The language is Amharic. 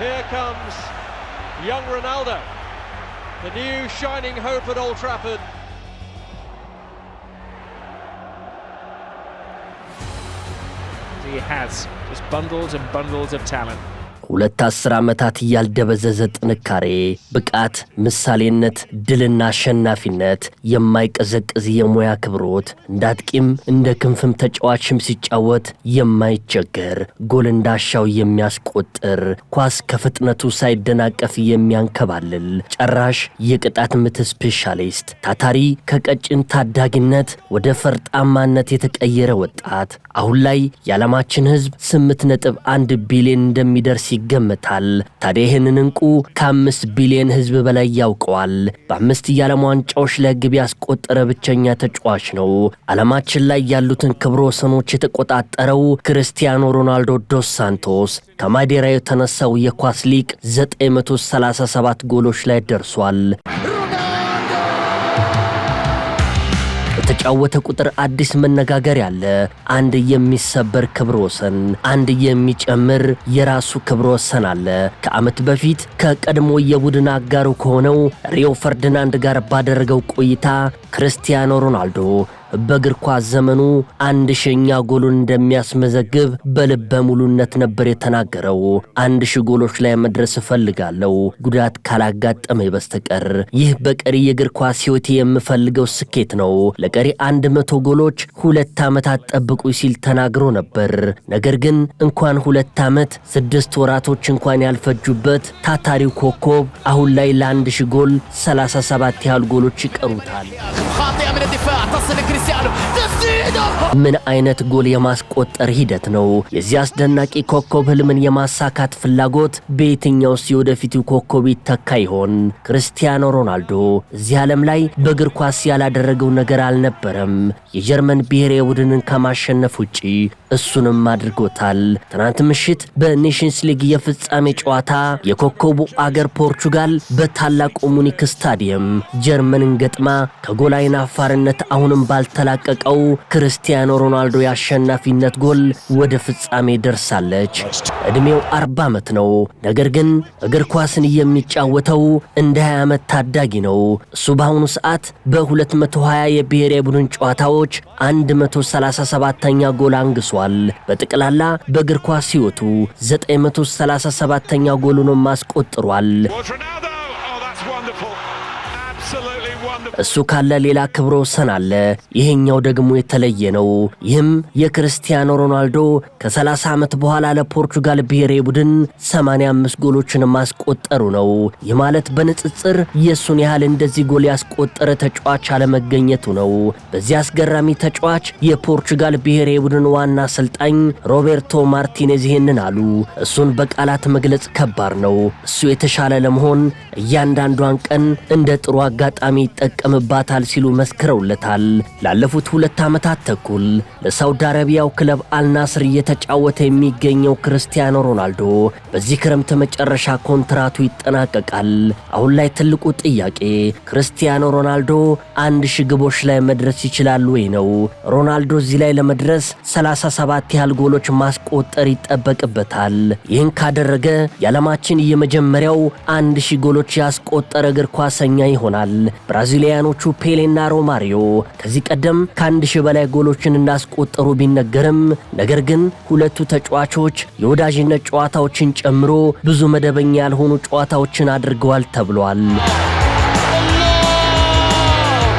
Here comes young Ronaldo, the new shining hope at Old Trafford. He has just bundles and bundles of talent. ሁለት አስር ዓመታት ያልደበዘዘ ጥንካሬ፣ ብቃት፣ ምሳሌነት፣ ድልና አሸናፊነት፣ የማይቀዘቅዝ የሙያ ክብሮት፣ እንደ አጥቂም እንደ ክንፍም ተጫዋችም ሲጫወት የማይቸገር ጎል እንዳሻው የሚያስቆጥር ኳስ ከፍጥነቱ ሳይደናቀፍ የሚያንከባልል ጨራሽ የቅጣት ምት ስፔሻሊስት፣ ታታሪ ከቀጭን ታዳጊነት ወደ ፈርጣማነት የተቀየረ ወጣት አሁን ላይ የዓለማችን ሕዝብ ስምንት ነጥብ አንድ ቢሊዮን እንደሚደርስ ይገመታል። ታዲያ ይህንን እንቁ ከአምስት ቢሊዮን ህዝብ በላይ ያውቀዋል። በአምስት የዓለም ዋንጫዎች ለግብ ያስቆጠረ ብቸኛ ተጫዋች ነው። ዓለማችን ላይ ያሉትን ክብረ ወሰኖች የተቆጣጠረው ክርስቲያኖ ሮናልዶ ዶስ ሳንቶስ ከማዴራ የተነሳው የኳስ ሊቅ 937 ጎሎች ላይ ደርሷል። በተጫወተ ቁጥር አዲስ መነጋገር ያለ አንድ የሚሰበር ክብረ ወሰን፣ አንድ የሚጨምር የራሱ ክብረ ወሰን አለ። ከዓመት በፊት ከቀድሞ የቡድን አጋሩ ከሆነው ሪዮ ፈርዲናንድ ጋር ባደረገው ቆይታ ክርስቲያኖ ሮናልዶ በእግር ኳስ ዘመኑ አንድ ሺኛ ጎሉን እንደሚያስመዘግብ በልበ ሙሉነት ነበር የተናገረው። አንድ ሺ ጎሎች ላይ መድረስ እፈልጋለሁ ጉዳት ካላጋጠመኝ በስተቀር። ይህ በቀሪ የእግር ኳስ ሕይወቴ የምፈልገው ስኬት ነው። ለቀሪ አንድ መቶ ጎሎች ሁለት ዓመታት ጠብቁ ሲል ተናግሮ ነበር። ነገር ግን እንኳን ሁለት ዓመት ስድስት ወራቶች እንኳን ያልፈጁበት ታታሪው ኮከብ አሁን ላይ ለአንድ ሺ ጎል 37 ያህል ጎሎች ይቀሩታል። الدفاع تصل كريستيانو ምን አይነት ጎል የማስቆጠር ሂደት ነው! የዚህ አስደናቂ ኮከብ ህልምን የማሳካት ፍላጎት በየትኛውስ የወደፊቱ ኮከብ ይተካ ይሆን? ክርስቲያኖ ሮናልዶ እዚህ ዓለም ላይ በእግር ኳስ ያላደረገው ነገር አልነበረም። የጀርመን ብሔራዊ ቡድንን ከማሸነፍ ውጪ እሱንም አድርጎታል። ትናንት ምሽት በኔሽንስ ሊግ የፍጻሜ ጨዋታ የኮከቡ አገር ፖርቹጋል በታላቁ ሙኒክ ስታዲየም ጀርመንን ገጥማ ከጎል አፋርነት አሁንም ባልተላቀቀው ክርስቲያኖ ሮናልዶ የአሸናፊነት ጎል ወደ ፍጻሜ ደርሳለች። ዕድሜው 40 ዓመት ነው። ነገር ግን እግር ኳስን የሚጫወተው እንደ 20 ዓመት ታዳጊ ነው። እሱ በአሁኑ ሰዓት በ220 የብሔራዊ ቡድን ጨዋታዎች 137ኛ ጎል አንግሷል። በጠቅላላ በእግር ኳስ ሕይወቱ 937ኛ ጎሉንም አስቆጥሯል። እሱ ካለ ሌላ ክብረ ወሰን አለ። ይሄኛው ደግሞ የተለየ ነው። ይህም የክርስቲያኖ ሮናልዶ ከ30 ዓመት በኋላ ለፖርቹጋል ብሔራዊ ቡድን 85 ጎሎችን ማስቆጠሩ ነው። ይህ ማለት በንጽጽር የእሱን ያህል እንደዚህ ጎል ያስቆጠረ ተጫዋች አለመገኘቱ ነው። በዚህ አስገራሚ ተጫዋች የፖርቹጋል ብሔራዊ ቡድን ዋና አሰልጣኝ ሮቤርቶ ማርቲኔዝ ይህንን አሉ። እሱን በቃላት መግለጽ ከባድ ነው። እሱ የተሻለ ለመሆን እያንዳንዷን ቀን እንደ ጥሩ አጋጣሚ ይጠቀምባታል ሲሉ መስክረውለታል። ላለፉት ሁለት ዓመታት ተኩል ለሳውዲ አረቢያው ክለብ አልናስር እየተጫወተ የሚገኘው ክርስቲያኖ ሮናልዶ በዚህ ክረምት መጨረሻ ኮንትራቱ ይጠናቀቃል። አሁን ላይ ትልቁ ጥያቄ ክርስቲያኖ ሮናልዶ አንድ ሺህ ግቦች ላይ መድረስ ይችላል ወይ ነው። ሮናልዶ እዚህ ላይ ለመድረስ 37 ያህል ጎሎች ማስቆጠር ይጠበቅበታል። ይህን ካደረገ የዓለማችን የመጀመሪያው አንድ ሺህ ጎሎች ያስቆጠረ እግር ኳሰኛ ይሆናል። አድርገዋል። ብራዚሊያኖቹ ፔሌና ሮማሪዮ ከዚህ ቀደም ከአንድ ሺህ በላይ ጎሎችን እንዳስቆጠሩ ቢነገርም ነገር ግን ሁለቱ ተጫዋቾች የወዳጅነት ጨዋታዎችን ጨምሮ ብዙ መደበኛ ያልሆኑ ጨዋታዎችን አድርገዋል ተብሏል።